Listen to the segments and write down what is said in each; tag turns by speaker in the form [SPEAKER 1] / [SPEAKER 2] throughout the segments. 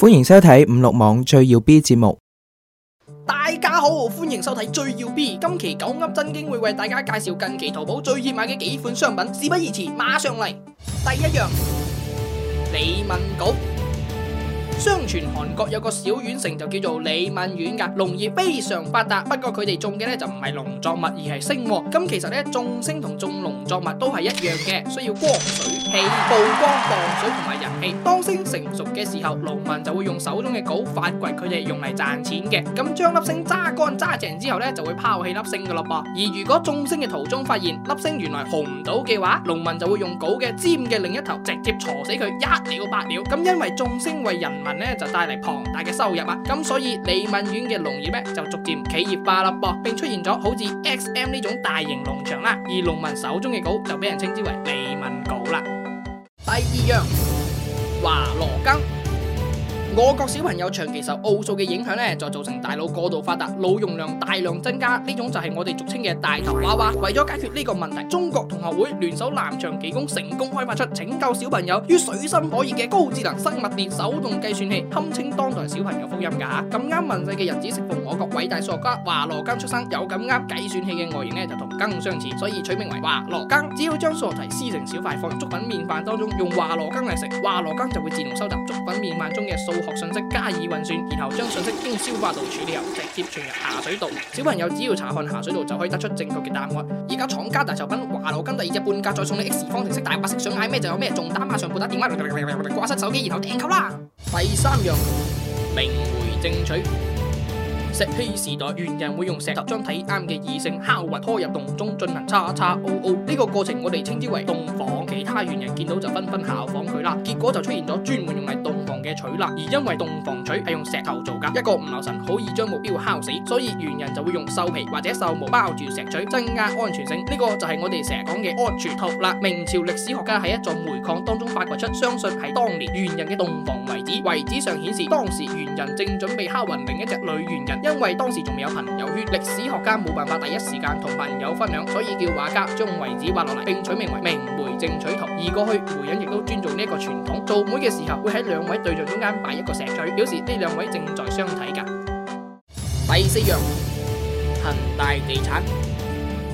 [SPEAKER 1] 歡迎收睇五六網最要 B 節目。大家好，歡迎收睇最要 B。今期九噏真經會為大家介紹近期淘寶最熱賣嘅幾款商品。事不宜遲，馬上嚟。第一樣，李敏稿。相傳韓國有個小縣城就叫做李敏縣噶，農業非常發達。不過佢哋種嘅咧就唔係農作物，而係星。咁其實咧種星同種農作物都係一樣嘅，需要光水。氣曝光、放水同埋人氣，當星成熟嘅時候，農民就會用手中嘅鎬發掘佢哋用嚟賺錢嘅。咁將粒星揸乾揸淨之後咧，就會拋棄粒星噶咯噃。而如果種星嘅途中發現粒星原來紅唔到嘅話，農民就會用鎬嘅尖嘅另一頭直接鋤死佢，一了百了。咁因為種星為人民咧就帶嚟龐大嘅收入啊，咁所以利民縣嘅農業咧就逐漸企業化啦，噃並出現咗好似 XM 呢種大型農場啦。而農民手中嘅鎬，鎬，就俾人稱之為利民鎬。第二樣，華羅庚。我國小朋友長期受奧數嘅影響咧，就造成大腦過度發達，腦容量大量增加，呢種就係我哋俗稱嘅大頭娃娃。為咗解決呢個問題，中國同學會聯手南翔技工成功開發出拯救小朋友於水深火熱嘅高智能生物電手動計算器，堪稱當代小朋友福音噶。咁啱問世嘅日子，適逢我國偉大數學家華羅庚出生，有咁啱計算器嘅外形咧就同羹相似，所以取名為華羅庚。只要將數學題撕成小塊放入粥粉麵飯當中，用華羅庚嚟食，華羅庚就會自動收集粥粉麵飯中嘅數學信息加以運算，然後將信息經消化道處理後直接傳入下水道。小朋友只要查看下水道就可以得出正確嘅答案。而家廠家大酬賓，華羅庚第二隻半價，再送你 x 方程式大把色，想嗌咩就有咩，仲打馬上撥打電話掛失手機，然後訂購啦。第三樣，明媒正娶。石器時代，猿人會用石頭將睇啱嘅異性敲暈拖入洞中進行叉叉 O O 呢個過程，我哋稱之為洞房。其他猿人見到就紛紛效仿佢啦，結果就出現咗專門用嚟洞房嘅取啦。而因為洞房取係用石頭做㗎，一個唔留神可以將目標敲死，所以猿人就會用獸皮或者獸毛包住石取，增加安全性。呢、這個就係我哋成日講嘅安全套啦。明朝歷史學家喺一座煤礦當中發掘出，相信係當年猿人嘅洞房遺址。遺址上顯示當時猿人正準備敲暈另一隻女猿人，因為當時仲未有朋友圈，歷史學家冇辦法第一時間同朋友分享，所以叫畫家將遺址畫落嚟並取名為《明媒正取」。而過去媒人亦都尊重呢個傳統，做媒嘅時候會喺兩位對象中間擺一個石嘴，表示呢兩位正在相睇㗎。第四樣，恒大地產。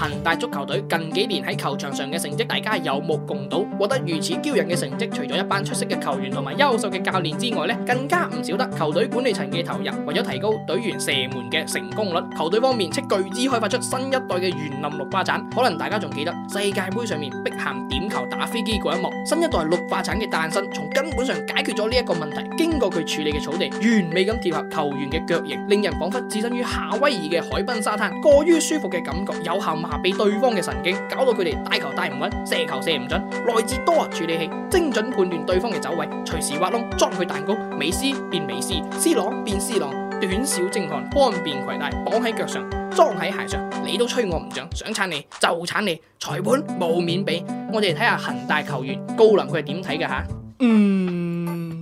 [SPEAKER 1] 恒大足球隊近幾年喺球場上嘅成績，大家有目共睹。獲得如此驕人嘅成績，除咗一班出色嘅球員同埋優秀嘅教練之外，呢更加唔少得球隊管理層嘅投入。為咗提高隊員射門嘅成功率，球隊方面斥巨資開發出新一代嘅園林綠化鏟。可能大家仲記得世界杯上面碧咸點球打飛機嗰一幕，新一代綠化鏟嘅誕生，從根本上解決咗呢一個問題。經過佢處理嘅草地，完美咁貼合球員嘅腳型，令人仿佛置身於夏威夷嘅海濱沙灘，過於舒服嘅感覺，有效麻痹對方嘅神經，搞到佢哋帶球帶唔穩，射球射唔準。內置多核處理器，精準判斷對方嘅走位，隨時挖窿裝佢蛋糕。美斯變美斯，C 朗變 C 朗，短小精悍，方便携帶，綁喺腳上，裝喺鞋上，你都吹我唔漲，想鏟你就鏟你，裁判冇面畀。我哋睇下恒大球員高林佢係點睇嘅吓。嗯。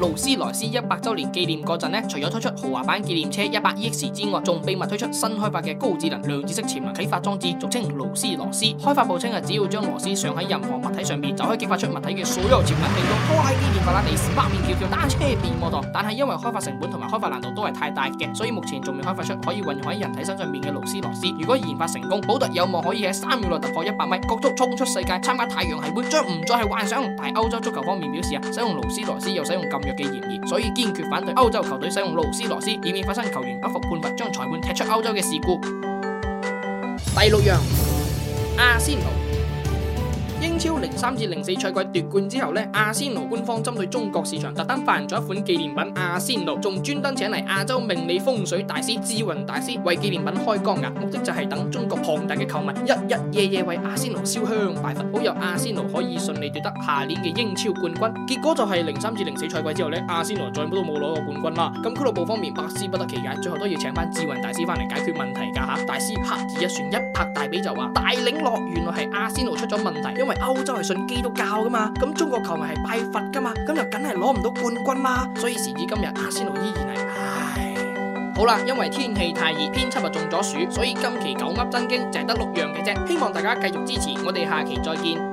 [SPEAKER 1] 勞斯萊斯一百周年紀念嗰陣咧，除咗推出豪華版紀念車一百 EX 之外，仲秘密推出新開發嘅高智能量子式潛能啟發裝置，俗稱勞斯螺絲。開發部稱啊，只要將螺絲上喺任何物體上面，就可以激發出物體嘅所有潛能，令到拖拉機變法拉利，屎巴面叫做單車變摩托。但係因為開發成本同埋開發難度都係太大嘅，所以目前仲未開發出可以運用喺人體身上面嘅勞斯螺絲。如果研發成功，保特有望可以喺三秒內突破一百米，各足衝出世界，參加太陽系杯，將唔再係幻想。但係歐洲足球方面表示啊，使用勞斯螺絲又使用禁嘅嫌疑，所以堅決反對歐洲球隊使用勞斯羅斯，以免發生球員不服判罰將裁判踢出歐洲嘅事故。第六樣，阿仙奴。超零三至零四賽季奪冠之後呢，阿仙奴官方針對中國市場特登發行咗一款紀念品。阿仙奴仲專登請嚟亞洲命理風水大師志雲大師為紀念品開光啊！目的就係等中國龐大嘅球迷日日夜夜為阿仙奴燒香拜佛，保佑阿仙奴可以順利奪得下年嘅英超冠軍。結果就係零三至零四賽季之後呢，阿仙奴再都冇攞過冠軍啦。咁俱樂部方面百思不得其解，最後都要請翻志雲大師翻嚟解決問題噶吓。大師掐指一算，一拍大髀就話：大領落，原來係阿仙奴出咗問題，因為。歐洲係信基督教噶嘛，咁中國球迷係拜佛噶嘛，咁就梗係攞唔到冠軍啦。所以時至今日，阿仙奴依然係唉。好啦，因為天氣太熱，編輯就中咗暑，所以今期九噏真經就係得六樣嘅啫。希望大家繼續支持，我哋下期再見。